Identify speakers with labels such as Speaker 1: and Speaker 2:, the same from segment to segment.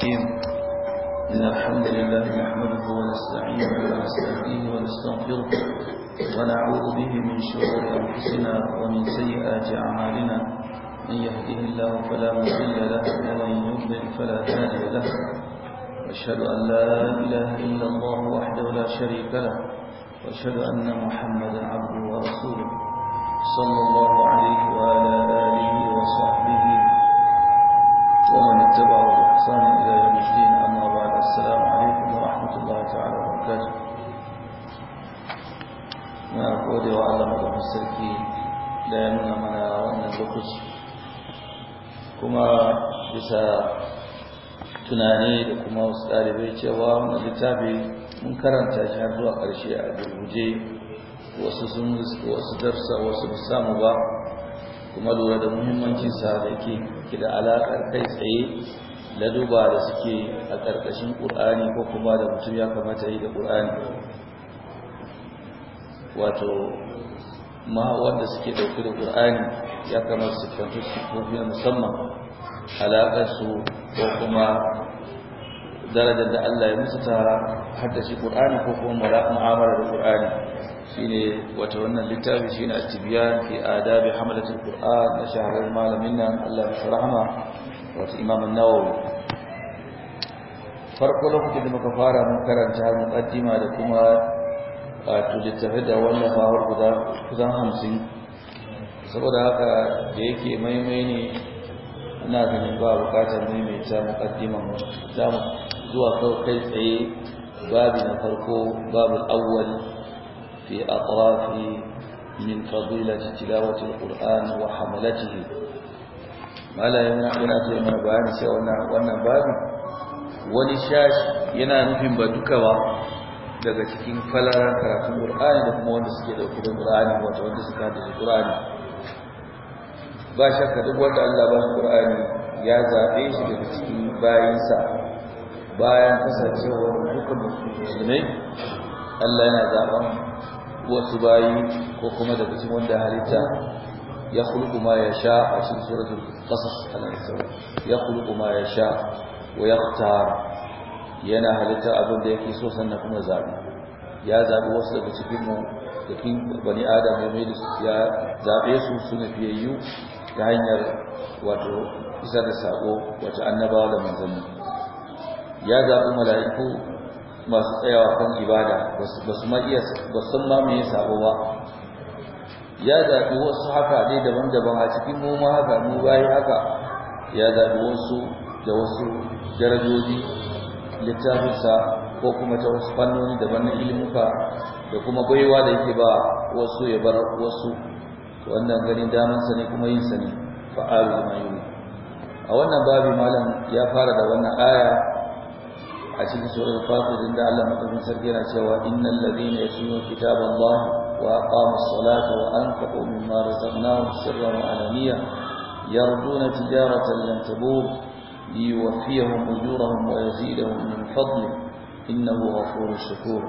Speaker 1: الرحيم إن الحمد لله نحمده ونستعينه ونستهديه ونستغفره ونعوذ به من شرور أنفسنا ومن سيئات أعمالنا من يهده الله فلا مضل له ومن يضلل فلا هادي له أشهد أن لا إله إلا الله وحده لا شريك له وأشهد أن محمدا عبده ورسوله صلى الله عليه وعلى آله وصحبه ومن اتبعه إحسان إلى يوم الدين أما بعد السلام عليكم ورحمة الله تعالى وبركاته na gode wa Allah madafin sarki da nuna mana wannan lokaci kuma bisa tunani da kuma wasu ɗalibai cewa wani littafi mun karanta shi har zuwa ƙarshe a gurguje wasu sun wasu darsa wasu ba samu ba kuma lura da muhimmancinsa sa da ke da alaƙar kai tsaye na duba da suke a ƙarƙashin ƙur'ani ko kuma da mutum ya kamata yi da ƙur'ani wato ma wanda suke ɗauki da ƙur'ani ya kamata su kwanci su kofi musamman alaƙarsu ko kuma darajar da Allah ya musu ta haddashi ƙur'ani ko kuma mu'amalar da shine wata wannan littafi shine at-tibyan fi adabi hamalatul qur'an na shahararren malamin nan Allah ya rahama wato Imam an-Nawawi farko lokacin da muka fara mun karanta muqaddima da kuma wato littafi da wannan fawar guda kusan 50 saboda haka da yake maimai ne ina ganin ba bukatar maimaita muqaddiman mu zuwa kai tsaye babu na farko babu awwal في أطراف من فضيلة تلاوة القرآن وحملته ما لا يمنعنا تيمنا بيان سيوانا وانا بيان wani shashi yana nufin ba ba daga cikin falaran karatun Qur'ani da kuma wanda suke dauke da Qur'ani wato wanda suka hada da Qur'ani ba shakka duk wanda Allah ba shi ya zabe shi daga cikin bayinsa bayan kasancewar dukkan musulmai Allah yana zaben wasu bayi ko kuma da cikin wanda halitta ya khuluqu ma yasha a cikin suratul qasas al ya khuluqu ma yasha wa yaqtar yana halitta abin da yake so sannan kuma zabi ya zabi wasu daga cikin mu cikin bani adam ya mai ya zabe su suna fiyayyu ta hanyar wato isar da sako wata annabawa da manzanni ya zabi mala'iku masu tsayawa kan ibada ba su maƙiya ba sun mamaye sabo ba ya zaɓi wasu haka ne daban-daban a cikin noma haka mu bayi haka ya zaɓi wasu da wasu darajoji littafinsa ko kuma ta wasu fannoni daban na ilimuka da kuma baiwa da yake ba wasu ya bar wasu wannan ganin damansa ne kuma yin sani ne da ma a wannan babi malam ya fara da wannan aya a cikin suratul fatir inda Allah madaukakin sarki yana cewa innal ladina yatluna kitaballahi wa aqamus salata wa anfaqu mimma razaqnahum sirran wa alaniya yarjuna tijaratan lan tabur liyuwaffiyahum ujurahum wa yazidahum min fadlihi innahu ghafurur shakur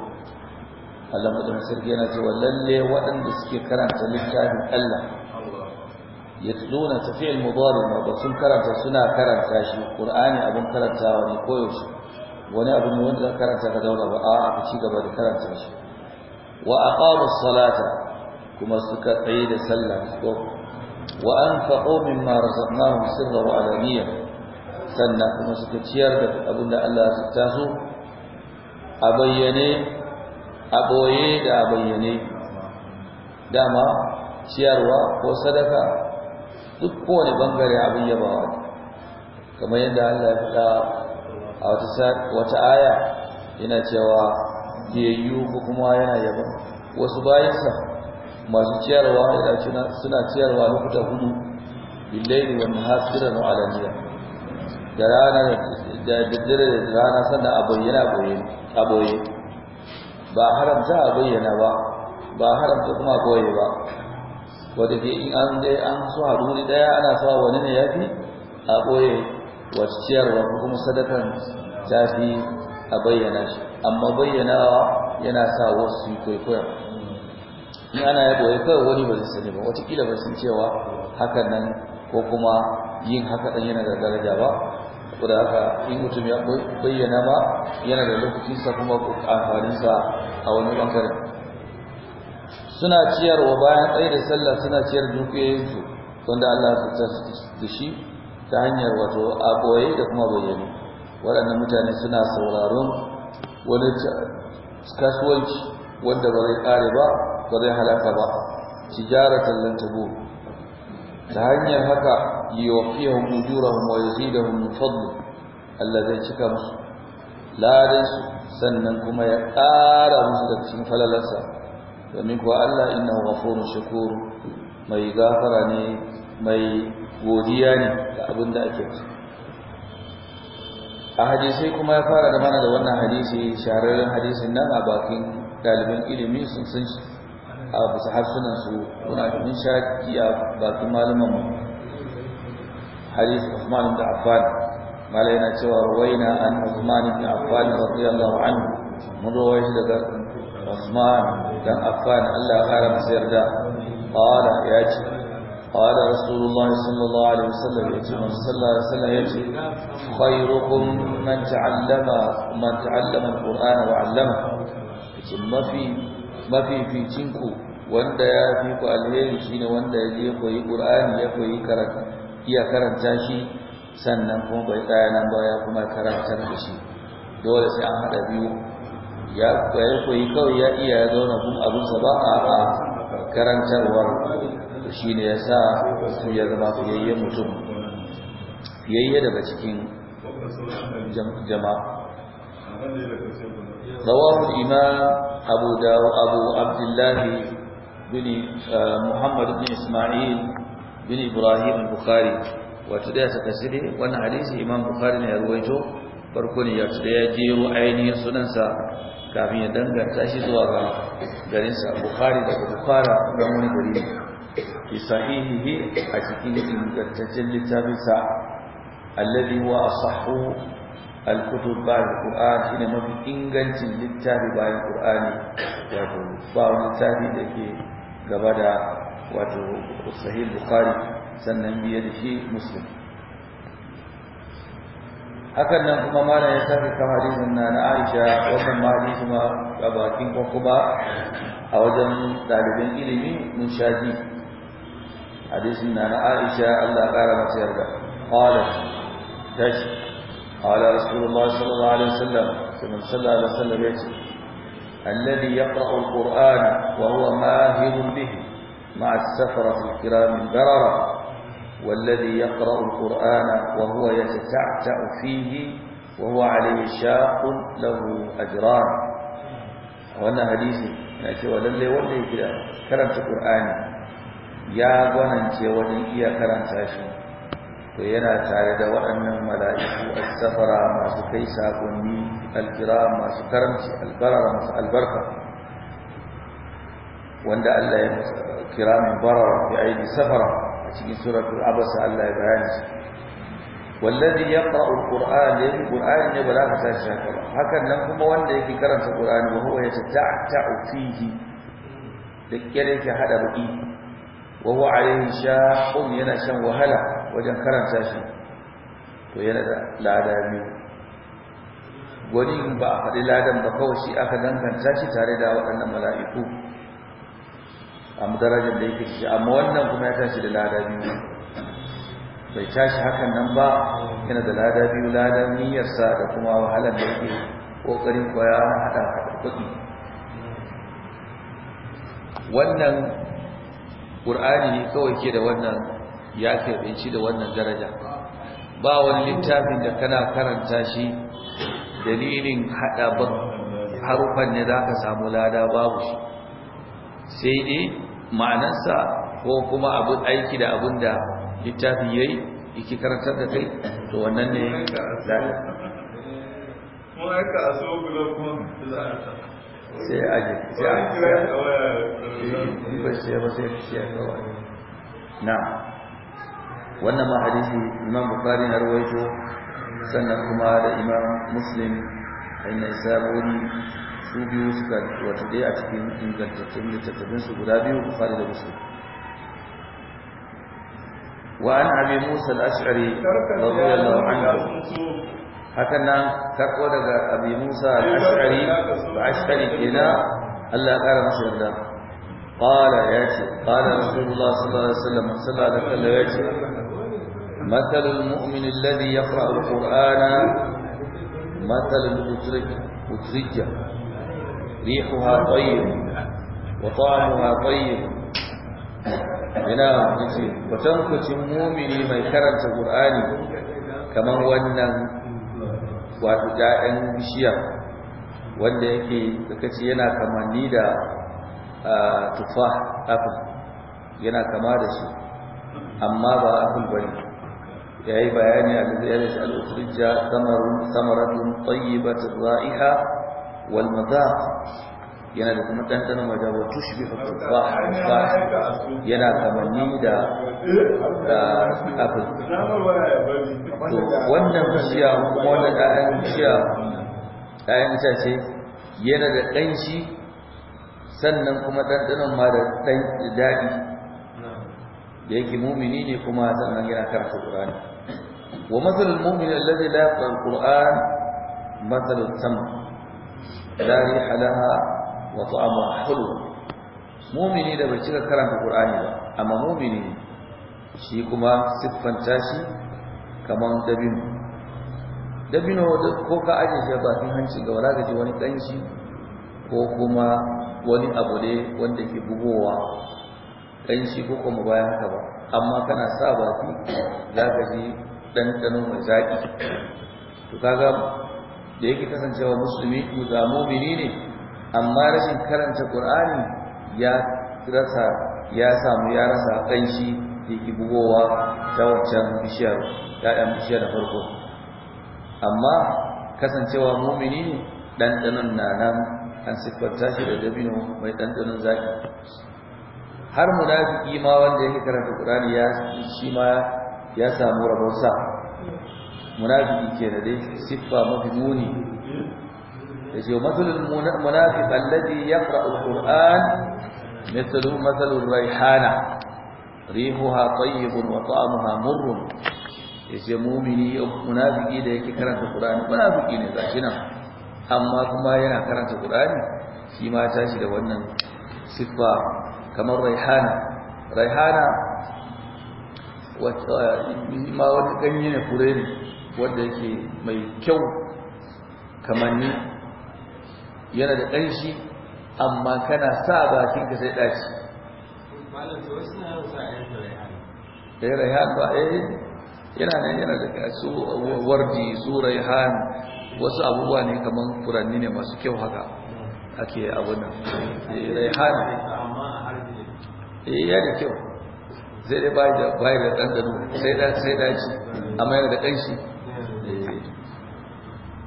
Speaker 1: Allah madaukakin sarki yana cewa lalle waɗanda suke karanta littafin Allah yatluna tafi'il mudari ma ba sun karanta suna karanta shi qur'ani abun karantawa ne koyaushe wani abu ne wanda zaka karanta ka daura ba a ka ci gaba da karanta shi wa aqamu salata kuma suka tsaye da sallah ko wa anfaqu mimma razaqnahum sirran wa alaniya sannan kuma suka ciyar da abinda Allah ya zuta su a bayyane a boye da a bayyane dama ciyarwa ko sadaka duk kowane bangare abin yabawa kamar yadda Allah ya faɗa a wata aya yana cewa biyayyu ko kuma yana yaba wasu bayansa masu ciyarwa yana suna ciyarwa lokuta hudu billahi wa nahasiran wa alaniya da rana da daddare da rana sannan a bayyana boye a boye ba haramta a bayyana ba ba haramta kuma boye ba wadda ke in an dai an so haɗu wuri ɗaya ana sa wani ne ya fi a boye wasu ciyarwa ko kuma sadakan ta fi a bayyana shi amma bayyanawa yana sa wasu yi kwaikwayon in ana ya boye kawai wani ba zai sani ba watakila ba sun cewa hakan nan ko kuma yin haka ɗan yana da daraja ba saboda haka in mutum ya bayyana ba yana da lokacinsa kuma amfaninsa a wani ɓangaren suna ciyarwa bayan tsaye da sallah suna ciyar dukiyoyinsu wanda Allah ya fitar da shi ta hanyar wato aboye da kuma bayyane waɗannan mutane suna sauraron wani kasuwanci wanda ba zai ƙare ba ba zai halaka ba tijaratan gyara tabu ta hanyar haka yuwafihum ujurahum wa yazidahum min fadli Allah cika musu ladan su sannan kuma ya ƙara musu da cikin falalarsa domin kuwa Allah innahu ghafurun shakur mai gafara ne mai godiya ne ga abin da ake ci a hadisai kuma ya fara da mana da wannan hadisi shahararren hadisin nan a bakin ɗaliban ilimi sun sun a bisa harsunan su kuna da mun shaki a bakin malaman hadisi Usman da Affan malai yana cewa rawaina an Usman ibn Affan radiyallahu anhu mun rawaye shi daga Usman, dan Affan Allah ya kara masa yarda qala ya ce قال رسول الله صلى الله عليه وسلم صلى الله عليه وسلم يجي خيركم من تعلم من تعلم القرآن وعلمه ما في ما في في تنكو wanda ya fi ku alheri shine wanda ya je koyi Qur'ani ya koyi karanta iya karanta shi sannan kuma bai tsaya nan ba ya kuma karantar da shi dole sai an haɗa biyu ya koyi kawai ya iya ya zauna kuma abinsa ba a karantarwar shi ne ya sa su ya zama fiyayyen mutum fiyayye daga cikin jama'a رواه الإمام أبو داو أبو عبد الله بن محمد بن إسماعيل بن إبراهيم البخاري وتدعى تكسره وأن حديث إمام بخاري يرويته ne, ya tsada ya jero ainihin sunansa kafin ya danganta shi zuwa ga garinsa bukhari daga bukhara don wani gari fi sahihihi a cikin ingantaccen littafinsa alladhi wa asahhu al-kutub ba'd al-qur'an mafi ingancin littafi bayan qur'ani wato ba littafi da ke gaba da wato sahih bukhari sannan biye da shi muslim hakan nan kuma mana ya saka kan hadisin na Aisha wannan ma kuma gabakin a kuma a wajen ɗaliban ilimi mun shaji حديث ان انا عائشه ألا قال ما سيرجع قالت تشت قال رسول الله صلى الله عليه وسلم صلى الله عليه وسلم يشت الذي يقرا القران وهو ماهر به مع السفره الكرام البرره والذي يقرا القران وهو يتتعتع فيه وهو عليه شاق له اجران وانا حديثي ناشي يعني ولا لي ولا كلام في القران ya gwanance wajen iya karanta shi to yana tare da waɗannan mala'iku as-safara masu kai sakonni al-kiram masu karanta al-barara masu albarka wanda Allah ya kira kiramin barara bi aidi safara a cikin suratul abasa Allah ya bayani shi wallazi yaqra'u al-qur'an al qur'an ne ba za ka tashi haka ba hakan nan kuma wanda yake karanta qur'ani ba huwa yata ta'ta'u fihi da kire ke hada baki wa huwa alayhi shahum yana shan wahala wajen karanta shi to yana da lada biyu ba a faɗi ladan ba kawai shi aka danganta shi tare da waɗannan mala'iku a madarajar da yake shi amma wannan kuma ya tashi da lada biyu bai tashi hakan nan ba yana da lada biyu ladan da kuma wahalar da yake ƙoƙarin koya na haɗa kuɗi wannan ƙur'ani ne kawai ke da wannan ya karɓinci da wannan daraja ba wani littafin da kana karanta shi dalilin haɗa hada harufan ne za ka samu lada babu shi sai dai ma'anarsa ko kuma abin aiki da abin da littafin yayi iki karantar da kai to wannan ne ya zaka mu aika aso kuma za a sai a ji sai a ji ba sai ba sai sai kawai na wannan ma hadisi imam bukhari na Ruwaito, sannan kuma da imam muslim ainihin nisaburi su biyu suka wata ɗaya a cikin ingantattun littattafin guda biyu bukhari da muslim وعن ابي موسى الاشعري رضي الله عنه hakan nan karɓo daga abi musa al-ashari al-ashari kenan Allah ya kara masa yarda qala ya ce qala rasulullah sallallahu alaihi wasallam sallallahu alaihi wasallam ya ce مثل المؤمن الذي يقرأ القرآن مثل الأترجة ريحها طيب وطعمها طيب ina yace watan kucin mumini mai karanta ƙur'ani kaman wannan wato ƴaƴan bishiya wanda yake kace yana kamanni da tufah apple yana kama da shi amma ba apple bane yayi bayani a cikin al tun tsayi samaratun tayyibatun ra'iha wal walmaza. yana da kuma ɗanɗanon waje wa tushbi ba yana kamanni da apple to wannan bishiya kuma wannan ɗayan bishiya ɗayan itace yana da ɗanshi sannan kuma ɗanɗanon ma da ɗan daɗi da yake mumini ne kuma sannan yana karanta ƙur'ani wa matsalin mumini allazi la yaqra al-qur'an matsalin sama la riha wa ta'ama hulwa mumini da bai cika karanta qur'ani ba amma mumini shi kuma siffanta shi kaman dabino dabino ko ka aje shi ba in hanci ga wala ga wani kanshi ko kuma wani abu ne wanda ke bugowa kanshi ko kuma bayan haka ba amma kana sa baki za ka ji ɗanɗano mai zaƙi to kaga da yake kasancewa musulmi za mumini ne amma rashin karanta qur'ani ya rasa ya samu ya rasa kanshi da yake bugowa ta waccan bishiyar ya'yan bishiyar farko amma kasancewa mumini ne ɗanɗanon na nan an siffanta shi da dabino mai ɗanɗanon zaki har munafiki ma wanda yake karanta Qur'ani ya shi ma ya samu rabonsa munafiki ke da dai siffa mafi muni yace mathalul munafiq alladhi yaqra'u alquran مثله مثل الريحانة ريحها طيب وطعمها murrun. yace mumini munafiki da yake karanta Qur'ani munafiki ne gashi nan amma kuma yana karanta Qur'ani shi ma tashi da wannan siffa kamar raihana raihana wata ma wani ganye ne fure ne wanda yake mai kyau kamar ni? yana da ƙanshi amma kana sa bakin ka sai ɗaci eh rayhan ba eh yana nan yana da su wardi su rayhan wasu abubuwa ne kaman furanni ne masu kyau haka ake abuna nan. Eh, rayhan eh yana da kyau zai dai bai da ɗanɗano sai da amma yana da ƙanshi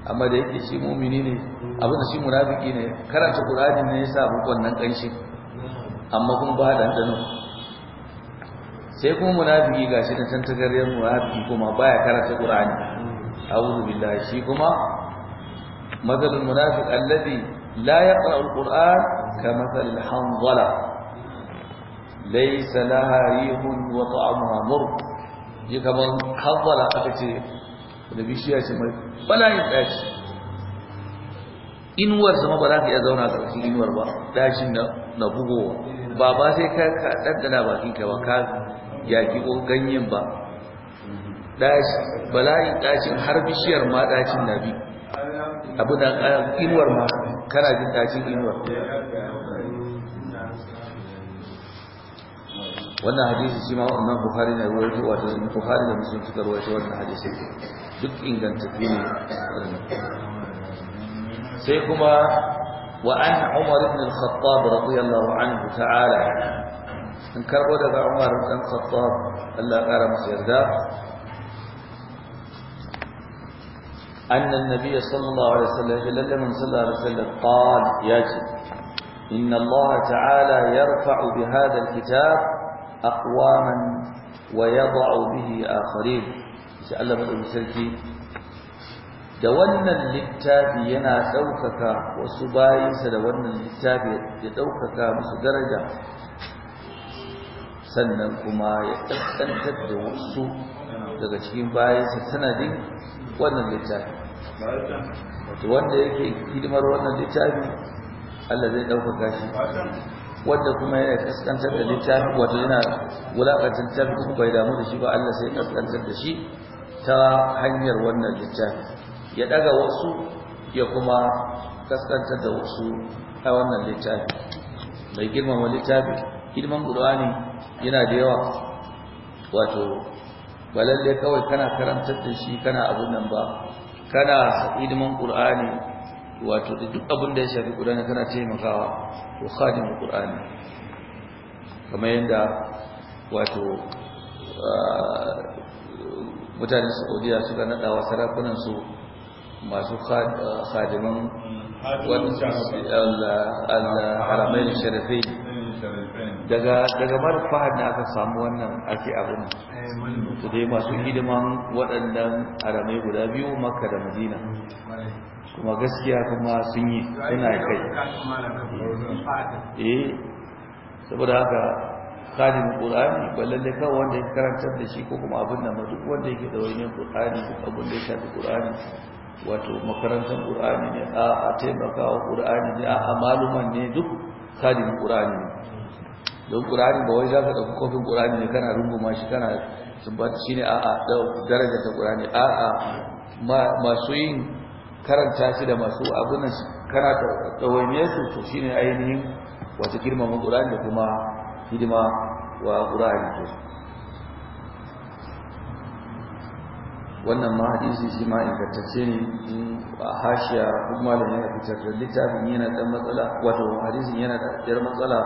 Speaker 1: amma da yake shi mumini ne abin da shi munafiki ne karanta qur'ani ne yasa muku wannan kanshi amma kun ba dan dano sai kuma munafiki gashi da tantagarriyar munafiki kuma baya karanta qur'ani a'udhu billahi shi kuma mathalul munafiq alladhi la yaqra'u al ka kamathal al-hanzala laysa laha rihun wa ta'amuha murq yi kaman hanzala aka ce da bishiya ce mai bala'in daci inuwar sama ba za ka iya zauna a cikin inuwar ba dacin na na bugowa ba ba sai ka ka daddana bakin ka ba ka yaki ko ganyen ba daci bala'in dacin har bishiyar ma dacin na bi abu da inuwar ma kana jin dacin inuwar wannan hadisi shi ma wannan bukhari ne ruwaito wato bukhari da muslim suka ruwaito wannan hadisi duk ingantattu ne sai kuma wa an umar ibn al-khattab radiyallahu anhu ta'ala an karbo daga umar ibn al-khattab Allah ya kara masa yarda أن النبي صلى الله عليه وسلم إلا من صلى الله عليه وسلم قال يجب إن الله تعالى يرفع بهذا الكتاب أقواما ويضع به آخرين إن شاء الله مدعو سلكي da wannan littafi yana ɗaukaka wasu bayansa da wannan littafi ya ɗaukaka musu daraja sannan kuma ya ƙasƙantar da wasu daga cikin bayansa sanadin wannan littafi wanda yake hidimar wannan littafi Allah zai ɗaukaka shi wadda kuma ya kaskantar da littafi wadda yana wulakantar littafi kuma bai damu da shi ba Allah sai kaskantar da shi ta hanyar wannan littafi ya daga wasu ya kuma kaskantar da wasu a wannan littafi mai girmama littafi hidiman qur'ani yana da yawa wato ba lalle kawai kana karantar da shi kana abun nan ba kana hidiman qur'ani wato da duk abin da ya shafi Qur'ani kana taimakawa to khadimul Qur'ani kamar yadda wato ah, mutanen Saudiya suka nada wa sarakunan su masu ah, khadiman al-haramain sharifai daga daga marfahad na aka samu wannan ake abin to dai masu hidiman waɗannan haramai guda biyu Makka da Madina kuma gaskiya kuma sun yi suna kai eh saboda haka kalin qur'ani ba lalle kawai wanda ya karantar da shi ko kuma abin ma duk wanda yake da wani qur'ani duk abin da ya shafi qur'ani wato makarantar qur'ani ne a a taimakawa qur'ani ne a amaluman ne duk kalin qur'ani ne don qur'ani ba wai zaka dauki kofin qur'ani ne kana runguma shi kana tabbata shine a a daraja ta qur'ani a a masu yin karanta shi da masu abin karanta ɗawainiyar su to shine ainihin wata girmama ƙur'ani da kuma hidima wa ƙur'ani to wannan ma hadisi shi ma ingantacce ne a hashiya duk da yana fitar da littafin yana ɗan matsala wato hadisin yana da ɗan matsala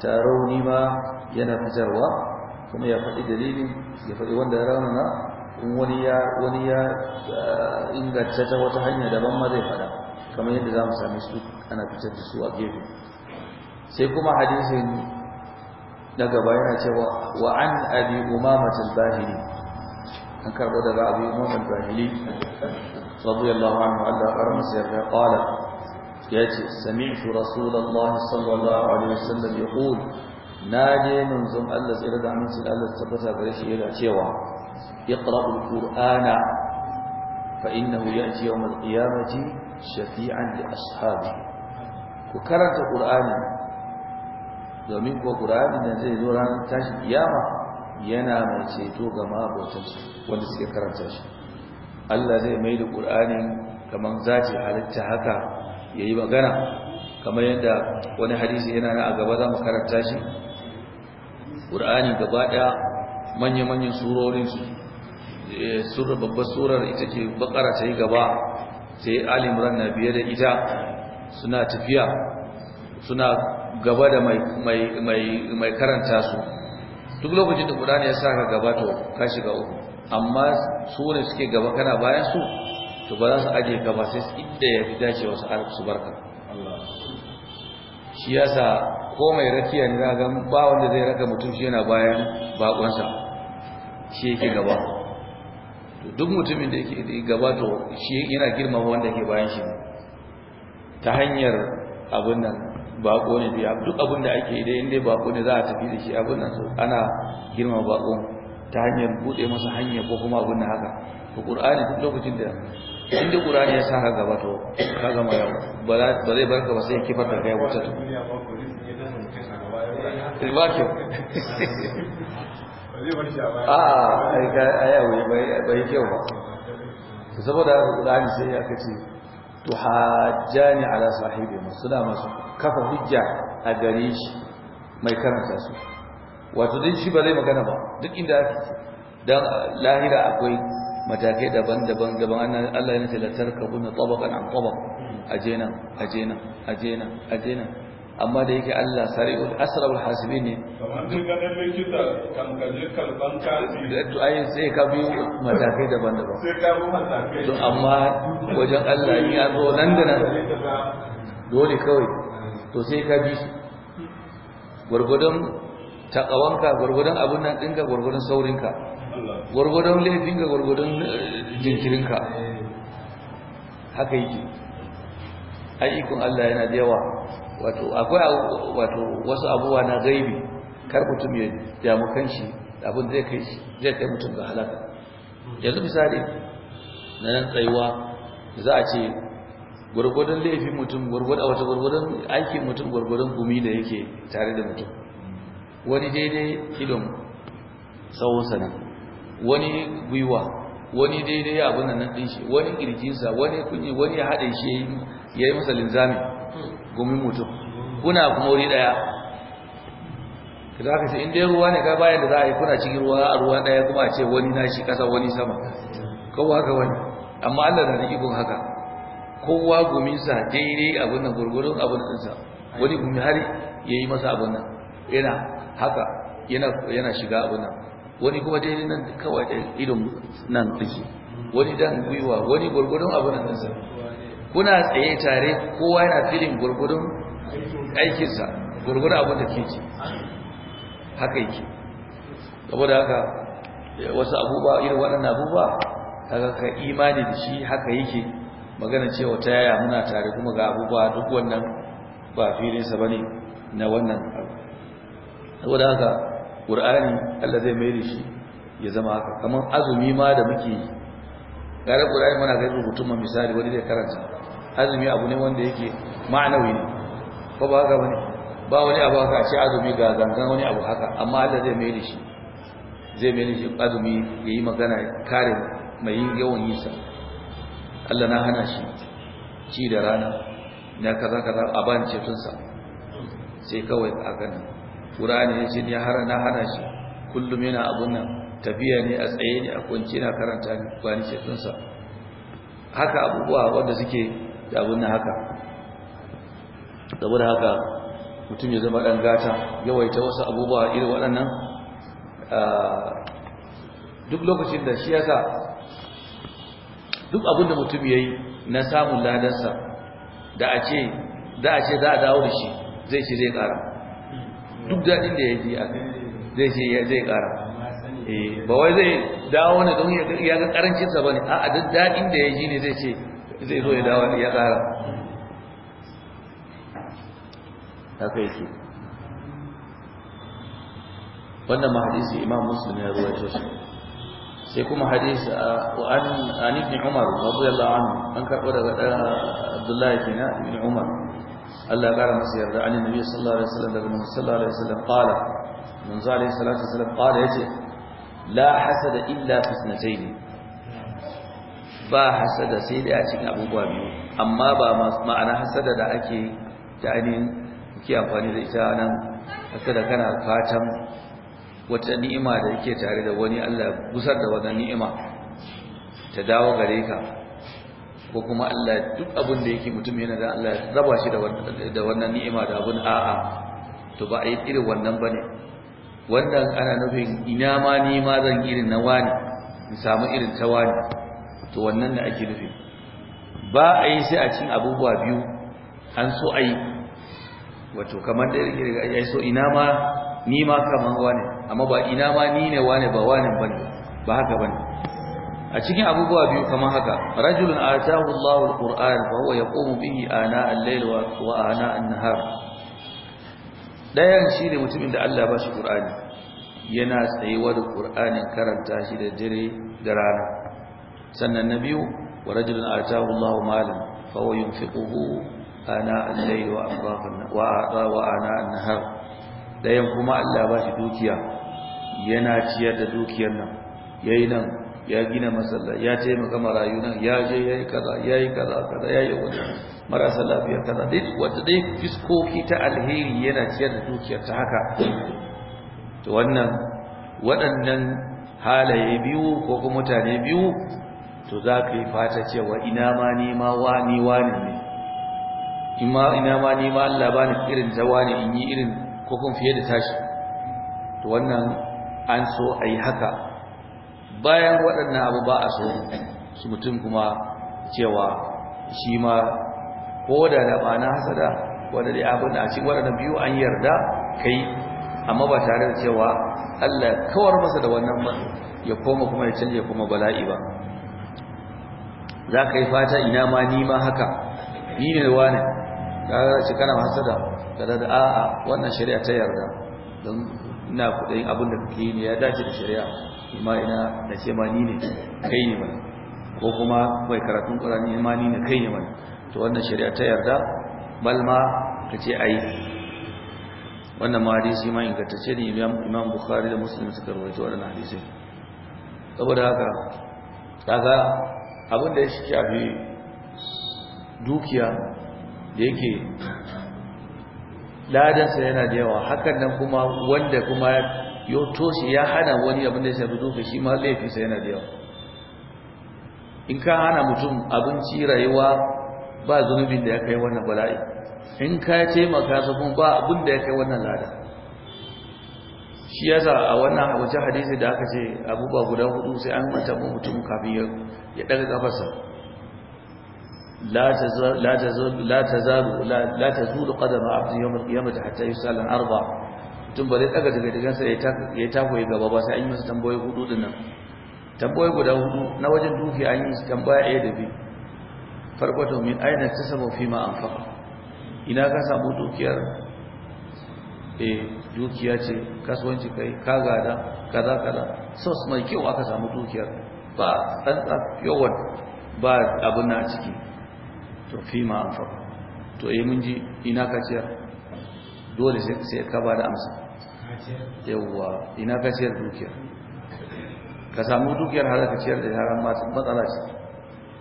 Speaker 1: ta rauni ma yana fitarwa kuma ya faɗi dalilin ya faɗi wanda ya raunana wani ya wani ya uh, inganta ta wata hanya daban ma zai fada kamar yadda zamu same su ana fitar da su a gefe sai kuma hadisin na gaba yana cewa wa an abi umama al-bahili an karbo daga abi umama al-bahili radiyallahu anhu Allah armasa ya qala yace sami'tu rasulullah sallallahu alaihi wasallam yaqul naje manzon Allah tsira da aminci Allah tabbata gare shi yana cewa اقرأوا القرآن فإنه يأتي يوم القيامة شفيعا لأصحابه domin ko Qur'ani da zai zo ranar tashi kiyama yana mai ceto ga mabotan wanda suke karanta shi Allah zai mai da Qur'anin kaman zaci halitta haka yayi magana kamar yadda wani hadisi yana nan a gaba za mu karanta shi Qur'ani gaba manya-manyan surorinsu eh, sura babbar surar ita ke bakara ta yi gaba ta yi alimran na biye da ita suna tafiya suna gaba da mai karanta su duk lokacin da kudani ya sa ka gaba to ka shiga uku amma surar suke gaba kana bayan su to ba za su ajiye gaba sai inda ya fi dacewa su barka shi yasa ko mai rakiya ne za gan ba wanda zai raka mutum shi yana bayan bakonsa shi yake gaba to duk mutumin da yake gaba to shi yana girma wanda ke bayan shi
Speaker 2: ta hanyar abin nan bako ne biya duk abin da ake idan inda bako ne za a tafi da shi abin nan so, ana girma bakon ta hanyar bude masa hanya ko kuma abin nan haka
Speaker 1: to qur'ani duk lokacin da Inda duk ya saka ka gaba to ka gama yau ba zai barka ba sai kifar da kai wata ta ilmaki a a yawo bai kyau ba saboda haka ƙurani sai ya kace to hajjani ala sahibi masu da masu kafa hujja a gare shi mai karanta su wato din shi ba zai magana ba duk inda ake dan lahira akwai matakai daban-daban daban Allah ya nace la tarkabuna tabaqan an tabaq amma da yake Allah sari'ul asrarul hasibin ne to ka bi matakai daban-daban sai ka bi matakai to amma wajen Allah ya zo nan da nan dole kawai to sai ka bi gurgudun Taƙawanka gwargwadon abin nan dinka gwargwadon saurinka laifin laifinka gwargwadon eh, jinkirinka haka yi ai ikon Allah yana da yawa wato akwai wato wasu abubuwa na gaibi kar mutum ya damu kanshi abin zai kai zai kai mutum ga halaka yanzu misali na nan tsayuwa za a ce gwargwadon laifin mutum gwargwadon wata gwargwadon aikin mutum gwargwadon gumi da yake tare da mutum wani daidai idon tsawonsa nan wani gwiwa wani daidai abin nan ɗin shi wani ƙirjinsa wani kunye wani ya haɗe shi ya yi masa linzami gomin mutum kuna kuma wuri ɗaya Ka za ka ce inda ruwa ne ka bayan da za a yi kuna cikin ruwa a ruwa ɗaya kuma a ce wani na shi ƙasa wani sama kowa haka wani amma allah na riƙi ikon haka kowa guminsa daidai abin nan gurgurun abin ɗinsa wani gumi har ya yi masa abin nan yana haka yana shiga abin nan wani kuma dai nan kawai da idon nan tsiki wani dan gwiwa wani gurgurun abin nan sa kuna tsaye tare kowa yana filin aikin aikinsa gurgurun abin da ke ci haka yake saboda haka eh, wasu abubuwa irin waɗannan abubuwa kaga ka imani da shi haka yake magana cewa ta yaya muna tare kuma ga abubuwa duk wannan ba filin sa bane na wannan abu saboda haka qur'ani Allah zai mai da shi ya zama haka kamar azumi ma da muke yi gare qur'ani mana zai rubutun ma misali wani zai karanta azumi abu ne wanda yake ma'anawi ne ko ba haka bane ba wani abu haka ce azumi ga zangan wani abu haka amma Allah zai mai da shi zai mai da shi azumi ya yi magana kare mai yawan sa. Allah na hana shi ci da rana na kaza kaza a ban cetonsa sai kawai a ganin Qur'ani ce ni har na hana shi kullum yana abun nan tafiya ne a tsaye ne a kunci na karanta Qur'ani ce tunsa haka abubuwa wanda suke da abun nan haka saboda haka mutum ya zama dan gata yawaita wasu abubuwa irin waɗannan duk lokacin da shi yasa duk abun da mutum yayi na samun ladarsa da a ce da a ce za a dawo da shi zai ce zai ƙara duk daɗin da ya ji a zai ce ya zai ƙara eh, ba wai zai dawo ne don ya ga ƙarancinsa ba ne a duk daɗin da ya ji ne zai ce zai zo ya dawo ne ya ƙara haka yake wannan ma hadisi imam muslim ya ruwaito shi sai kuma hadisi an ibn umar radiyallahu anhu an karɓar da ɗan abdullahi bin umar Allah ya kara masa yarda an nabi sallallahu alaihi wasallam daga manzo sallallahu alaihi wasallam qala manzo alaihi salatu wasallam qala yace la hasada illa fi sunatayn
Speaker 2: ba hasada sai dai a cikin abubuwa biyu amma ba ma'ana hasada da ake
Speaker 1: da ainihin ke amfani da ita nan hasada kana fatan wata ni'ima da yake tare da wani Allah ya gusar da wannan ni'ima ta dawo gare ka ko kuma Allah duk abin da yake mutum yana da Allah ya raba shi da wannan ni'ima da abin a'a to ba a yi irin wannan ba ne wannan ana nufin ina ma ni ma zan irin na wani in samu irin ta wani to wannan da ake nufi ba a yi sai a cin abubuwa biyu an so a yi wato kamar da irin ya so ina ma ni ma kamar wani amma ba ina ma ni ne wani ba wani ba ne ba haka ba ne a cikin abubuwa biyu kamar haka rajulun atahu Allahu alquran fa huwa yaqumu bihi ana al-layl wa ana an-nahar dayan shine mutumin da Allah ya bashi qur'ani yana tsayuwa da qur'anin karanta shi da dare da rana sannan na biyu wa rajulun atahu Allahu malan fa huwa yunfiquhu ana al-layl wa atrafan wa ana an-nahar dayan kuma Allah ya bashi dukiya yana ciyar da dukiyar nan yayin ya gina masalla ya taimaka marayu nan ya je yayi kaza yayi kaza kaza yayi wata marasa lafiya kaza dai wata dai fiskoki ta alheri yana ciyar da dukiyar ta haka to wannan waɗannan halaye biyu ko kuma mutane biyu to za ka yi fata cewa ina ma nema wani wani ne ina ma nema Allah bani irin ta wani in yi irin ko kuma fiye da tashi to wannan an so a yi haka bayan waɗannan abu ba a so su mutum kuma cewa shi ma ko da da ba na hasada wanda dai abin da a cikin waɗannan biyu an yarda kai amma ba tare da cewa Allah kawar masa da wannan ba ya koma kuma ya canje kuma bala'i ba za ka yi fata ina ma ni ma haka ni ne wani kaga ce kana hasada kada da a'a wannan shari'a ta yarda don ina kudin abin da kake yi ne ya dace da shari'a ma ina na ce ma ni ne kai ne mana ko kuma mai karatun qur'ani ma ni ne kai ne mana to wannan shari'a ta yarda bal ma kace ai wannan ma hadisi ma ingantacce ne Imam Bukhari da Muslim suka rawaito wannan hadisi saboda haka kaga abin da ya shafi dukiya da yake
Speaker 2: ladansa yana da yawa hakan nan kuma wanda kuma yau toshi ya hana wani abin da ya shafi duka shi ma
Speaker 1: laifinsa yana da yawa in ka hana mutum abinci rayuwa ba zunubin da ya kai wannan bala'i in ka ce su kuma ba abin da ya kai wannan lada shi yasa a wannan wajen hadisi da aka ce abubuwa guda hudu sai an mata mutum kafin ya daga kafarsa لا تزال لا تزال لا تزال لا تزول قدم عبد mutum ba zai daga daga dagansa ya tafoye gaba ba sai an yi masa tambaye hudu din nan tambaye guda hudu na wajen dukiya an yi masa tambaya A da biyu farko to min aina ta samu fi ma anfaqa ina ka samu dukiyar eh dukiya ce kasuwanci kai ka gada kaza kaza sos mai kyau aka samu dukiyar ba tsantsa yawan ba abin na ciki to fi ma anfaqa to eh mun ji ina ka ciyar dole sai ka ba da amsa yawwa ina ka ciyar dukiyar ka samu dukiyar har ka ciyar da yaran masu matsala ce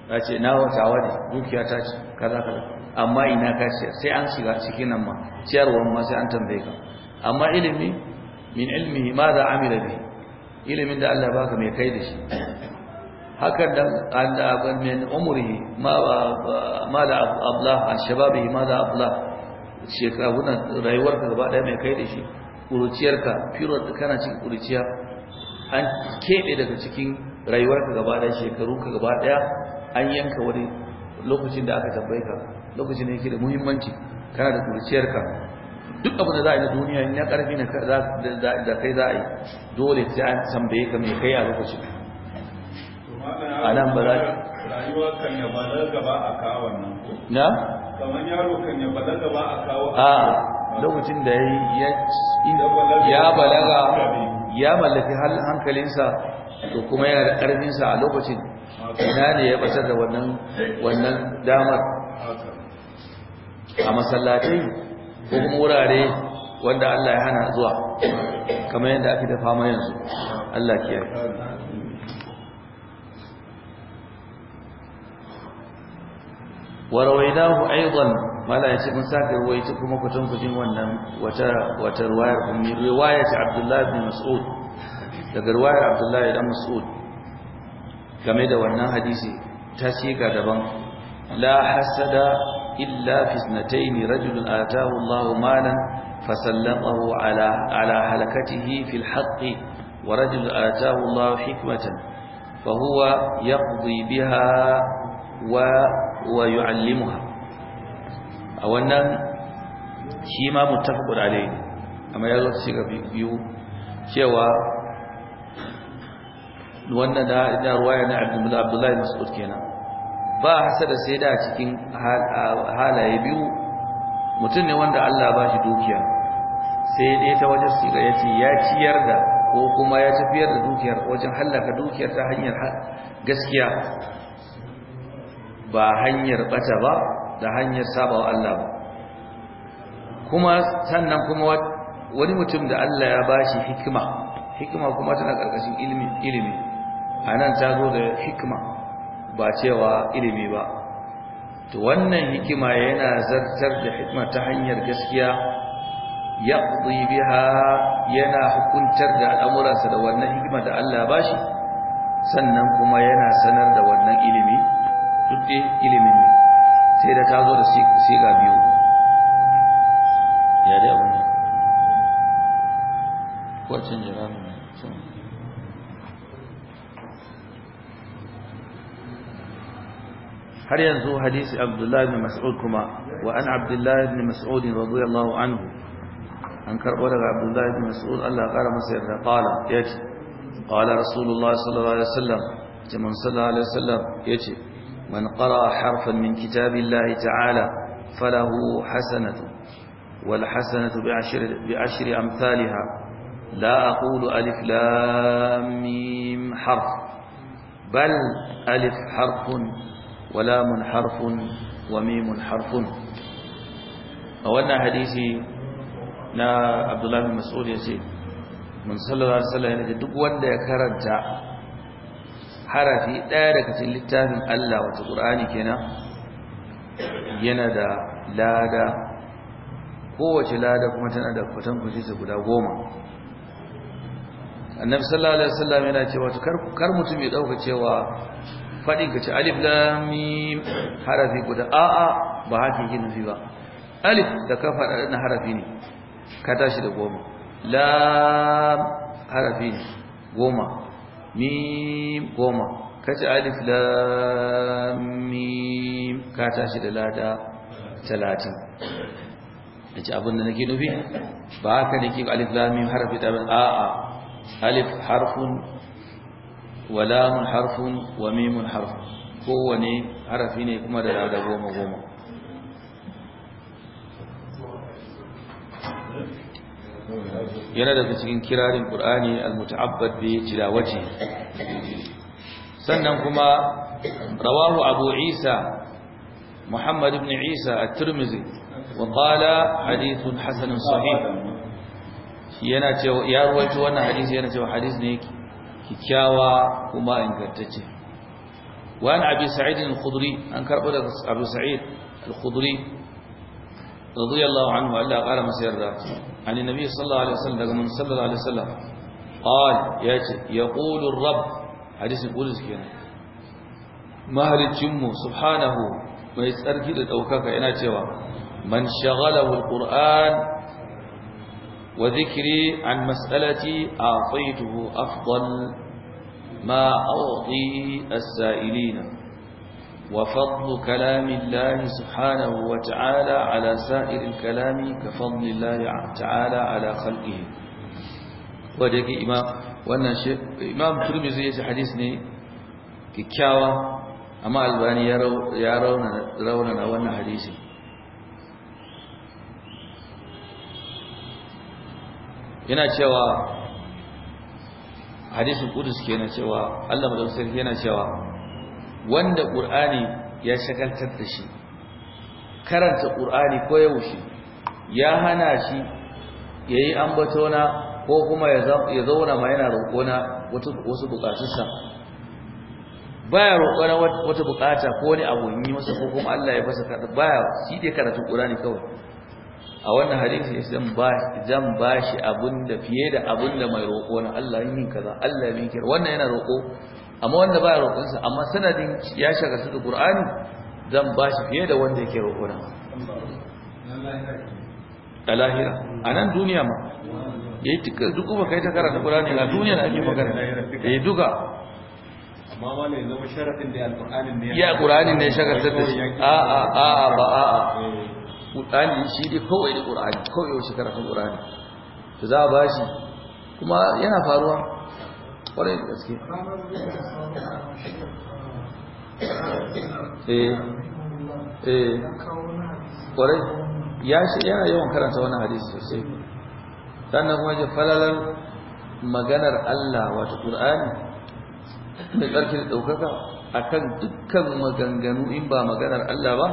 Speaker 1: ta ce na wata ne dukiya ta ce kaza kaza amma ina ka ciyar sai an shiga cikin nan ma ciyarwar ma sai an tambaye ka amma ilimi min ilimi ma da Amira bi ilimin da Allah baka mai kai da shi hakan da Allah ban min umrihi ma ma da ablah an shababi ma da na shekarunan ka gaba daya mai kai da shi ƙuruciyarka period kana cikin ƙuruciya an keɓe daga cikin rayuwarka gaba ɗaya shekarunka gaba ɗaya an yanka wani lokacin da aka tambaye ka lokacin da yake da muhimmanci kana da ƙuruciyarka duk abin da za a yi na duniya in ya ƙarfi na da kai za a yi dole sai an tambaye ka mai kai a lokacin a nan ba za rayuwa kan ya balaga ba a kawo nan ko na kamar yaro kan ya balaga ba a kawo a lokacin da ya balaga ya mallaki hankalinsa to kuma yana da ƙarfinsa a lokacin ina ne ya batar da wannan damar a masallatai ko kuma wurare wanda Allah ya hana zuwa kamar yadda ake da fama yanzu Allah kiyar
Speaker 2: ورويناه أيضا mala ya ce mun
Speaker 1: sake ruwaita kuma ku kujin wannan wata wata ruwaya kuma riwaya ta Abdullah bin Mas'ud daga ruwayar Abdullah bin Mas'ud game da wannan hadisi ta ce ga daban la hasada illa fi sanatayn rajulun ataahu Allahu malan fasallamahu ala ala halakatihi fil haqqi wa rajulun ataahu Allahu hikmatan fa huwa yaqdi biha wa wa yu'allimuha a wannan shi ma muttafaqun alayhi amma ya zo shiga biyu cewa wannan da da ruwaya na Abdullahi Abdullah Mas'ud kenan ba hasada sai da cikin halaye biyu mutum ne wanda Allah ba shi dukiya sai dai ta wajen siga ce ya ciyar da ko kuma ya tafiyar da dukiyar wajen hallaka dukiyar ta hanyar gaskiya ba hanyar bata ba da hanyar sabawa Allah ba kuma sannan kuma wani mutum da Allah ya bashi hikima hikima kuma tana karkashin ilimi ilimi anan ta zo da hikima ba cewa ilimi ba to wannan hikima yana zartar da hikima ta hanyar gaskiya yaqdi biha yana hukuntar da al'amuransa da wannan hikima da Allah ya bashi sannan kuma yana sanar da wannan ilimi duk ilimin ne sai da ta zo da siga biyu ya dai abin nan wacin jira mu har yanzu hadisi abdullahi ibn mas'ud kuma wa an abdullahi ibn mas'ud radiyallahu anhu an karbo daga abdullahi ibn mas'ud Allah ya kara masa yarda qala yace qala rasulullahi sallallahu alaihi wasallam ce man sallallahu alaihi wasallam yace من قرأ حرفا من كتاب الله تعالى فله حسنة والحسنة بعشر, بعشر أمثالها لا أقول ألف لام ميم حرف بل ألف حرف ولام حرف وميم حرف أولنا حديثي نا عبد الله بن مسعود يسير من صلى الله عليه وسلم يقول wanda ya karanta harafi ɗaya daga cikin littafin Allah wato Qur'ani kenan yana da lada kowace lada kuma tana da fatan kuce guda goma annabi sallallahu alaihi wasallam yana cewa kar kar mutum ya dauka cewa fadin kace alif lam mim harafi guda a a ba haka yake nufi ba alif da ka fada na harafi ne ka tashi da goma lam harafi ne goma mim goma kace alif lam mim ka tashi da lada 30 yace abin da nake nufi ba haka nake alif lam mim harfi da a alif harfun wa harfun wa mim harfun kowane harafi ne kuma da goma goma yana daga cikin kirarin qur'ani almuta'abbad bi tilawati sannan kuma rawahu abu isa muhammad ibn isa at-tirmidhi wa qala hadithun hasan sahih yana cewa ya ruwaito wannan hadisi yana cewa hadisi ne kikkiawa kuma ingantacce wa an abi sa'id al-khudri an karbo daga abu sa'id al-khudri radiyallahu anhu Allah ƙara masa yarda ani nabi sallallahu alaihi wasallam daga man sallallahu alaihi wasallam qal yace yaqulu rabb hadisin qudus kenan mahalicin mu subhanahu mai tsarki da ɗaukaka yana cewa man shaghalahu alquran wa dhikri an mas'alati a'taytuhu afdal ma a'ti as وفضل كلام الله سبحانه وتعالى على سائر الكلام كفضل الله تعالى على خلقه ودقي إمام wannan shi imam turmizi hadis ne kikkiawa amma albani ya ya rauna rauna wannan yana cewa hadisin qudus kenan cewa Allah madaukakin yana cewa wanda ƙur'ani ya shagaltar da shi karanta ƙur'ani ko yaushe ya hana shi yayi ambatona ko kuma ya zauna ma yana roƙona wasu bukatunsa baya roƙona wata buƙata, ko wani abu yi masa ko kuma Allah ya fasa karatu. baya shi dai karatu ƙur'ani kawai a wannan hadisi zan ba zan ba shi da fiye da da mai roƙo na Allah yin kaza Allah ya kira. wannan yana roƙo amma wanda baya roƙonsa amma sanadin ya shagartu da Qur'ani zan ba shi fiye da wanda yake roƙona
Speaker 2: a lahira a nan duniya ma yayi yi tuka duk ba kai ta karanta Qur'ani a duniya da ake magana ya yi duka
Speaker 1: amma wani zama sharaɗin da ya Qur'ani ne ya shagartar da shi a a a a ba a a eh. Qur'ani shi dai kawai da Qur'ani kawai shi karatun Qur'ani to za a ba shi kuma yana faruwa kwarai da eh
Speaker 2: eh ya shi yana yawan karanta wani
Speaker 1: hadisi sosai sannan kuma ya falalar maganar Allah wato Qur'ani mai tsarkin daukaka akan dukkan maganganu in ba maganar Allah ba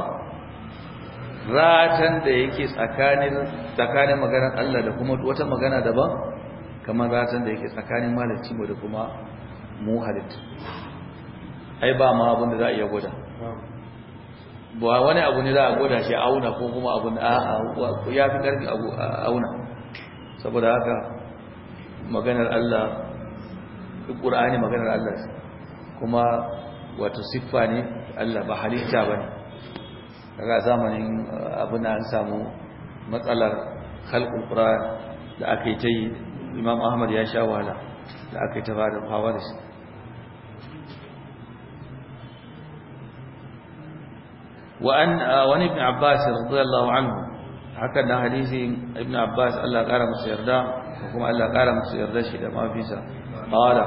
Speaker 1: ratan da yake tsakanin tsakanin maganar Allah da kuma wata magana daban kamar ratan da yake tsakanin malarci mu da kuma mu halittu ai ba ma abin da za a iya goda. ba wani abu ne za a gwada shi auna ko kuma abu ya fi karfi auna saboda haka maganar Allah ƙur'ani maganar Allah kuma wato siffa ne Allah ba halitta ba ne daga zamanin abu na an samu matsalar ƙura da aka yi ta yi imam ahmad ya sha wahala da aka yi ta ba ah, da hawa da shi
Speaker 2: وأن وأن ابن عباس رضي الله عنه هكذا حديث ابن عباس الله قال مسيردا وكما الله قال مسيردا شيء ما في سا
Speaker 1: قال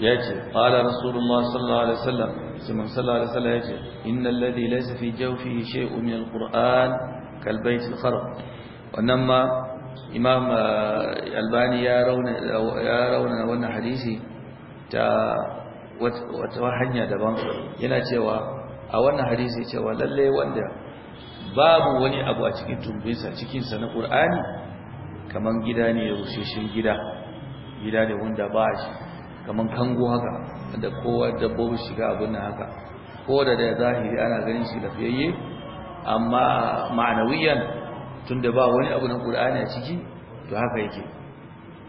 Speaker 1: يأتي قال رسول الله صلى الله عليه وسلم سمع صلى الله عليه وسلم يأتي إن الذي ليس في جوفه شيء من القرآن كالبيت الخرب وإنما imam uh, albani ya rauna wannan hadisi ta wata hanya daban yana cewa a wannan hadisi cewa lalle wanda babu wani abu a cikin tumbinsa cikinsa na ƙur'ani kamar gida ne rusheshin gida gida ne wanda ba shi Kaman kango haka da kowa dabbobi shiga abin nan haka ko da da zahiri ana ganin shi lafiyayye amma ma'anawiyan Tun da ba wani abu na qur'ani a ciki to haka yake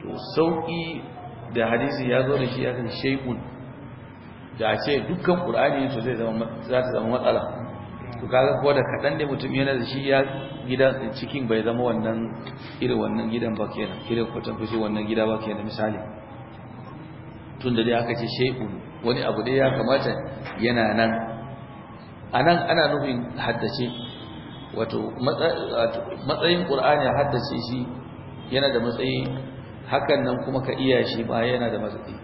Speaker 1: to sauƙi da hadisi ya zo da shi ya kan shaikun da ce dukkan qur'ani su zai zama za ta zama matsala to kaga ko da kaɗan da mutum yana da shi ya gidan cikin bai zama wannan irin wannan gidan ba kenan irin kwatan fushi wannan gida ba kenan misali Tun da dai aka ce shaikun wani abu dai ya kamata yana nan A nan ana nufin haddace wato matsayin qur'ani haddace shi yana da matsayi hakan nan kuma ka iya shi ba yana da matsayi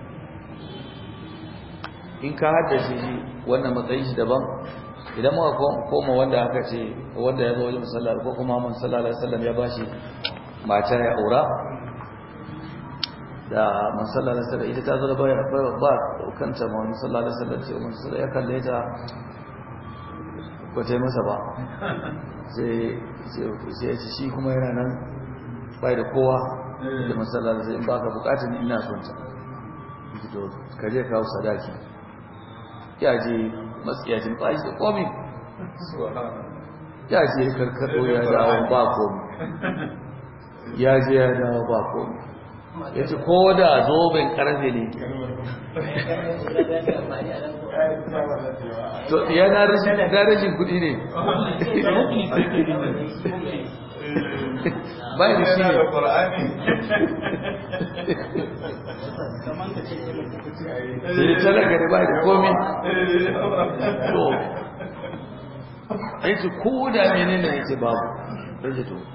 Speaker 2: in ka haddace shi
Speaker 1: wannan matsayin shi daban idan muka koma wanda aka ce wanda ya zo wajen sallar ko kuma mun sallallahu alaihi wasallam ya bashi mata ya aura da mun sallallahu alaihi wasallam ita ta zo da bayar ba kanta mun sallallahu alaihi wasallam ce mun sallallahu ya kalle ta ba ta yi masa ba sai ya ci shi kuma yana nan bai da kowa da matsalar zai in ba ka bukatun ina son ta ka je kawo sadaki ya je matsiyacin ba shi da komi
Speaker 2: ya je karkato ya dawo ba komi
Speaker 1: ya je ya dawo ba komi ya ce ko da zoben karfe ne to ya na rashin kudi ne bai da shi ne sai ya talaka da bai da komi to ya ce ko da menene ya ce babu rage to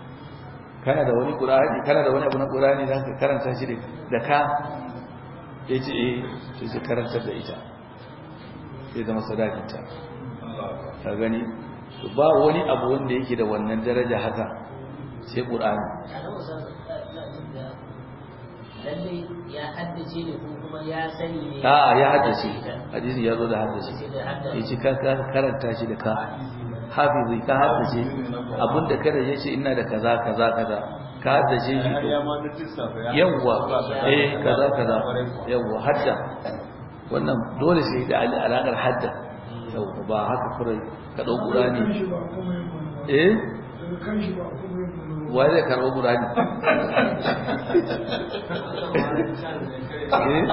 Speaker 1: kana da wani qur'ani kana da wani abu na qur'ani dan ka karanta shi da ka ce eh sai ka karanta da ita sai zama sadakin ta ka gani ba wani abu wanda yake da wannan daraja haka sai qur'ani lalle ya haddace ne ko kuma ya sani ne a ya haddace hadisi ya zo da haddace yace ka karanta shi da ka hafizi ka haddace abinda ka da yace ina da kaza kaza kaza ka haddace shi to yawwa eh kaza kaza yawwa hadda wannan dole sai da alaƙar hadda yawwa ba haka kurai ka dau qur'ani eh wa zai karɓi burani eh?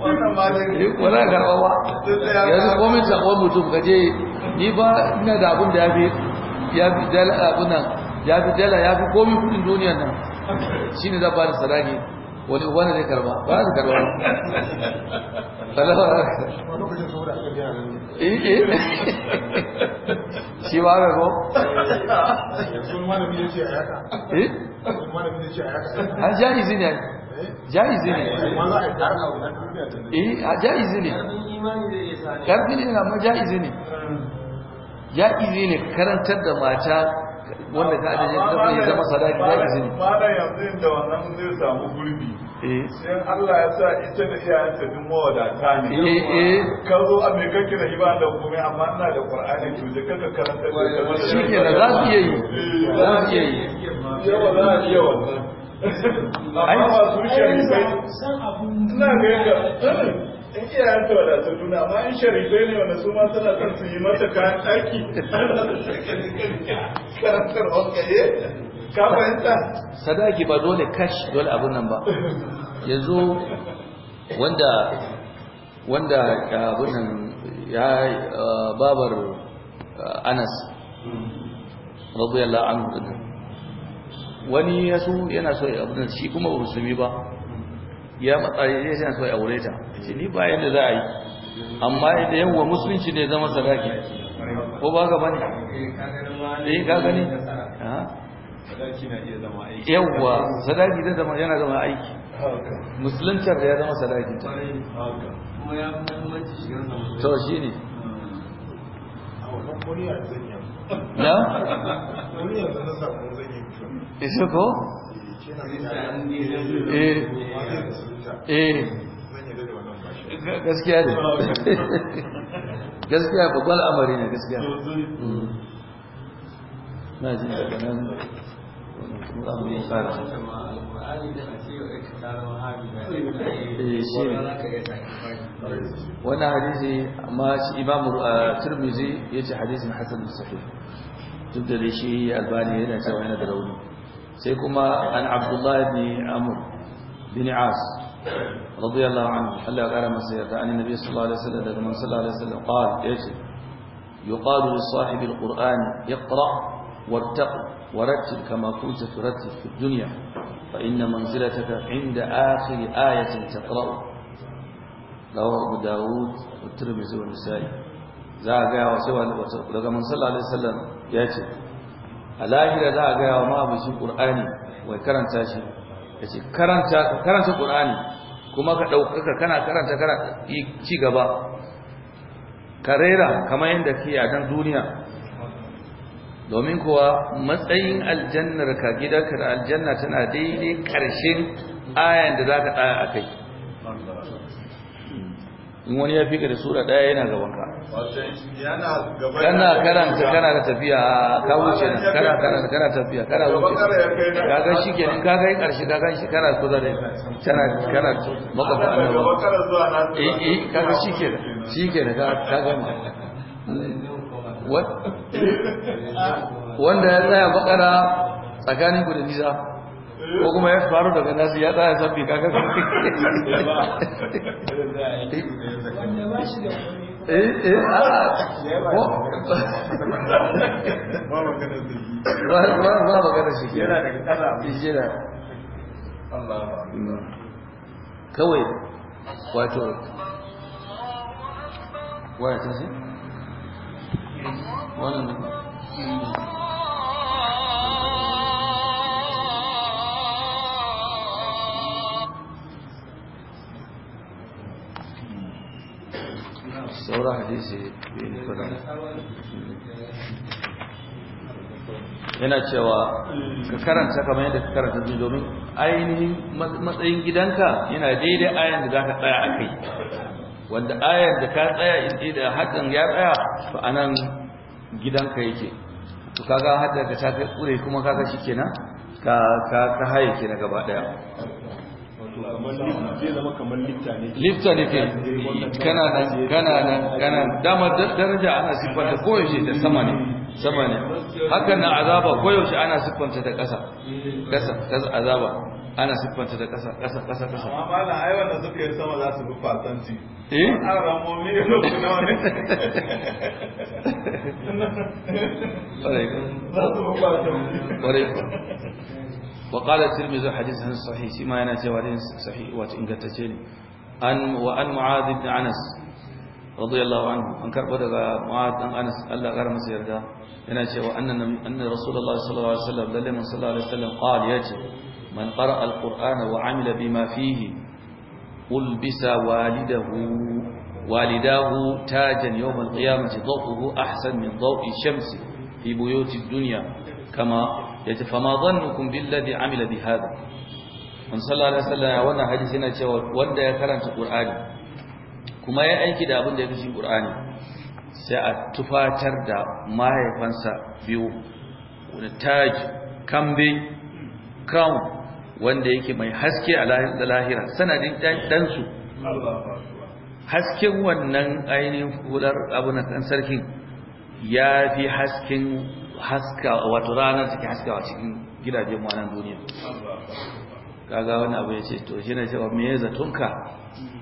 Speaker 1: wannan ba zai eh, ba yanzu mutum ni ba ina da abun da ya fi ya dala abun nan ya fi dala ya fi komi kudin duniya nan shi ne za ba da sadaki wani wani zai karba ba karba eh, eh. shi ba ga ko an izini ne ne eh ja'izi ne eh, karfi ne amma ne hmm. yaƙi ne ne karantar da mata wanda ta ajiye ta ya zama sadaki yaƙi ba yanzu da wannan zai samu gurbi eh. sai Allah ya sa ita da duk mawadata ne eh, eh. ka zo a mai kake da da komai amma ina da Qur'ani to da kaka karantar da shi ke za su ina ga in iyayen ta wadatar nuna amma in sharifai ne wanda su ma suna son su yi mata kayan ɗaki karantar wakaye ka fahimta sadaki ba dole kashi, dole abin nan ba yanzu wanda wanda abin nan ya eh, babar eh, anas radiyallahu anhu wani yasu yana so abin nan shi kuma ba musulmi ba ya matsa ya ce so ya aure ta ce ni ba yadda za a yi amma yadda yawwa musulunci ne zama sadaki ko ba ka bane eh ka gani yawwa sadaki zai zama yana zama aiki musuluntar da ya zama sadaki to shi ne na? Isa ko? Eh. Eh. gaskiya ne gaskiya amari ne gaskiya hmm. na jin wani eh, hadisi amma shi imamu turmizi ya ce hadisin hasan da duk da shi albani yana cewa yana da rauni sai kuma an abdullahi bin amur bin as radiyallahu anhu Allah ya kara masa yarda annabi nabi sallallahu alaihi wasallam daga man sallallahu alaihi wasallam qala yace yuqalu li sahibi alquran iqra wartaq warattil kama kunta turattil fi dunya fa inna manzilataka inda akhir ayatin taqra rawahu abu daud wa tirmidhi wa nisa'i za ga wa sai daga man sallallahu alaihi wasallam yace a lahira za a gaya wa ma'abucin ƙur'ani wai karanta shi ka ce karanta ƙur'ani kuma ka ɗaukaka kana karanta kana ci gaba ka rera kamar yadda ke a kan duniya domin kuwa matsayin aljannar ka gidanka da aljanna tana daidai ƙarshen ayan da za ka tsaya a kai in wani ya fika da sura daya yana gaban ka kana da tafiya ka wuce nan kana karanta tafiya kana wuce eh, eh, ka ga shi kenan karshe ka shi kana da kana kana ka ga shi kenan wanda ya tsaya bakara tsakanin ku da nisa ko kuma ya faru daga nasu ya tsaya sabbi kaga ko eh eh a ah. ko ba shi ba shi yana yana Allah kawai wato ta wannan saura yana cewa ka karanta kamar yadda ka karanta jin domin matsayin gidanka yana daidai ayan da za ka tsaya a kai wanda ayan da ka tsaya da hakan ya tsaya to a nan gidanka yake to kaga hadda ka ta kai tsure kuma kaga shi kenan ka ka haye kenan gaba ɗaya. lifta ne kai kana nan kana nan kana dama daraja ana siffanta koyaushe da sama ne sama ne na azaba koyaushe ana siffanta da ƙasa ƙasa ƙasa azaba ana siffanta da ƙasa ƙasa ƙasa ƙasa amma ai wanda suka yi sama za su bi fasanci eh an ramomi ne ne wa qala tirmidhi hadith hasan sahih shi yana cewa hadith sahih wato ingantacce ne
Speaker 2: an wa an mu'adh ibn anas
Speaker 1: radiyallahu anhu an karbo daga mu'adh dan anas Allah ya masa yarda yana cewa annan anna rasulullahi sallallahu alaihi wasallam lalle man yace man qara'a wa 'amila bima
Speaker 2: ulbisa walidahu والداه تاجا يوم القيامة ضوءه أحسن من ضوء الشمس في بيوت الدنيا
Speaker 1: كما yace fama bin Ladi amila hada an sallallahu alaihi wasallam wannan hadisi yana cewa wanda ya karanta qur'ani kuma ya aiki da abin da ya kashi qur'ani sai a tufatar da mahaifansa biyu wani taj kambe crown wanda yake mai haske a lahira sanadin dan hasken wannan ainihin hular abu na kan sarkin ya fi hasken haska wato rana take haskawa cikin gidajen mu nan duniya kaga wani abu ya ce to shi ne cewa me zatonka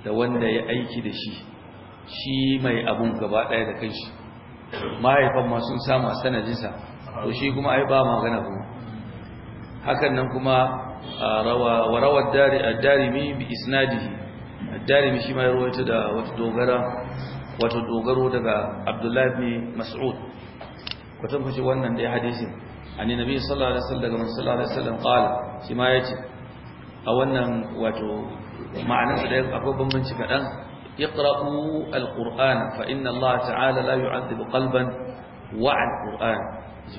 Speaker 1: da wanda ya aiki da shi shi mai abun gaba ɗaya da kanshi mahaifan ma sun samu a sanadinsa to shi kuma ai ba magana kuma
Speaker 2: hakan nan kuma wa rawar darimi bi isnadihi darimi shi mai rawaita da wata dogara wato dogaro
Speaker 1: daga abdullahi mas'ud Ku kwatankuci wannan dai hadisin an yi nabi sallallahu alaihi wasallam daga sallallahu alaihi wasallam qala shi ma yace a wannan wato ma'anar da akwai bambanci kadan iqra'u alquran fa inna allaha ta'ala la yu'adhibu qalban wa alquran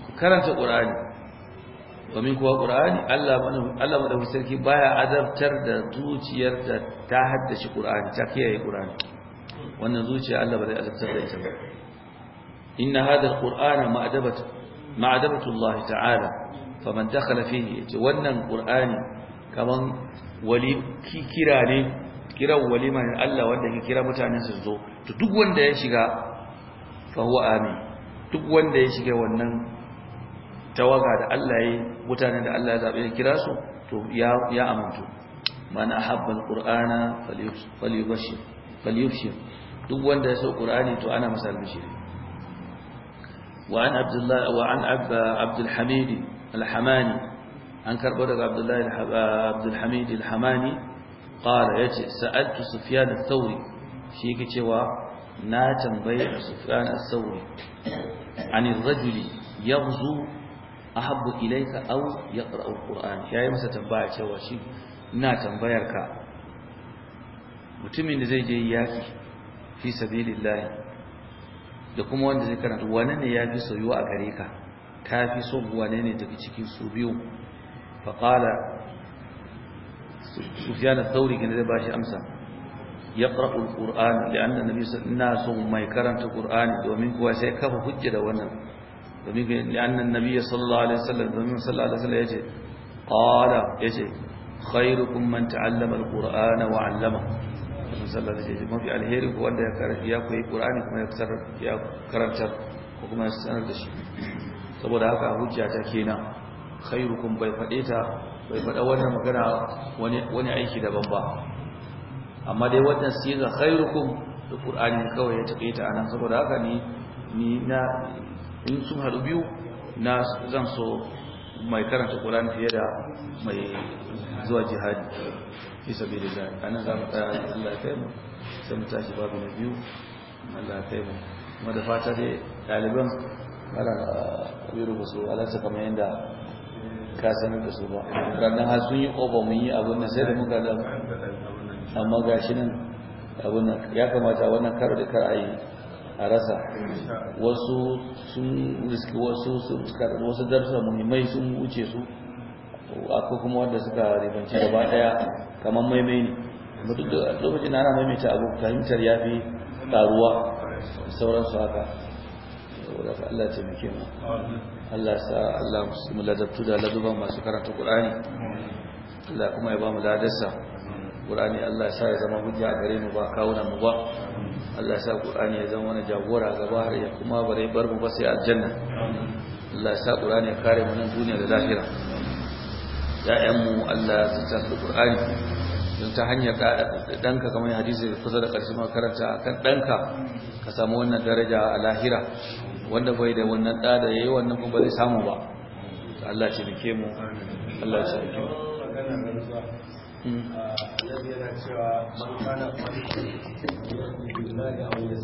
Speaker 1: ku karanta qur'ani domin kuwa qur'ani Allah Allah da sarki baya azabtar da zuciyar da ta haddace qur'ani ta kiyaye qur'ani wannan zuciya Allah ba zai azabtar da ita
Speaker 2: inna hadha alqur'ana ma'dabatu ma'dabatu Allah ta'ala
Speaker 1: faman dakhala fihi yace wannan qur'ani kaman wali kira ne kiran walima ne Allah wanda ke kira mutanen su zo to duk wanda ya shiga fa amin duk wanda ya shiga wannan tawaga da Allah ya mutanen da Allah ya zabe ya kira su to ya ya amintu man ahabba alqur'ana so to ana masa albishir وعن عبد الله وعن عبد الحميد الحماني عن كربر عبد الله عبد الحميد الحماني قال يجي سألت سفيان الثوري شيء كتوا نا تنبيه سفيان الثوري عن الرجل يغزو أحب إليك أو يقرأ القرآن شيء مسا تنبيه cewa shi ina tambayar ka mutumin da zai je yaki fi sabilillah da kuma wanda zai karanta wane ne ya fi soyuwa a gare ka ka fi so wane ne daga cikin su biyu faƙala sufyan al-thawri gane zai bashi amsa yaqra'u al-qur'an li'anna nabi sallallahu alaihi mai karanta qur'ani domin kuwa sai kafa hujja da wannan domin li'anna nabi sallallahu alaihi wasallam domin sallallahu alaihi wasallam yace qala yace khairukum man ta'allama al-qur'ana wa 'allama rasul sallallahu alaihi wasallam mafi alheri ko wanda ya karanta ya koyi qur'ani kuma ya ya karanta ko kuma ya sanar da shi saboda haka hujja ta kenan khairukum bai fade ta bai fada wannan magana wani wani aiki daban ba amma dai wannan ga khairukum da qur'ani kawai ya take ta anan saboda haka ni ni na in sun haɗu biyu na zan so mai karanta Qur'ani fiye da mai zuwa jihadi fi sabilillah ana za mu tsaya Allah ya kai mu sai mu tashi babu na biyu Allah ya kai mu kuma da fata dai ɗaliban ana kabiru ba su alasta kamar yadda ka sanar da su ba ranar har sun yi ƙofa mun yi abin nan sai da muka da amma ga shi nan abin nan ya kamata wannan karo da kar a yi a rasa wasu sun riski wasu sun wasu darsa muhimmai sun wuce su akwai kuma wanda suka ribanci gaba daya kamar maimai ne mutum da lokacin na ana maimaita abu fahimtar ya fi karuwa sauransu haka wadda Allah ce muke mu Allah sa Allah mu ladabtu da laduban masu karanta Qur'ani Allah kuma ya ba mu ladarsa Qur'ani Allah ya sa ya zama hujja gare mu ba kawuna mu ba Allah ya sa Qur'ani ya zama wani jagora gaba har ya kuma bare bar mu ba sai aljanna Allah ya sa Qur'ani ya kare mu nan duniya da lahira ya'yan mu Allah su tsanta Qur'ani don ta hanyar da danka kamar hadisi kusa da ƙarshe ma karanta kan danka ka samu wannan daraja a lahira wanda bai da wannan da da yayi wannan kuma ba zai samu ba Allah ya taimake mu Allah ya taimake mu الذين شاء من كان فريقا يؤمن بالله او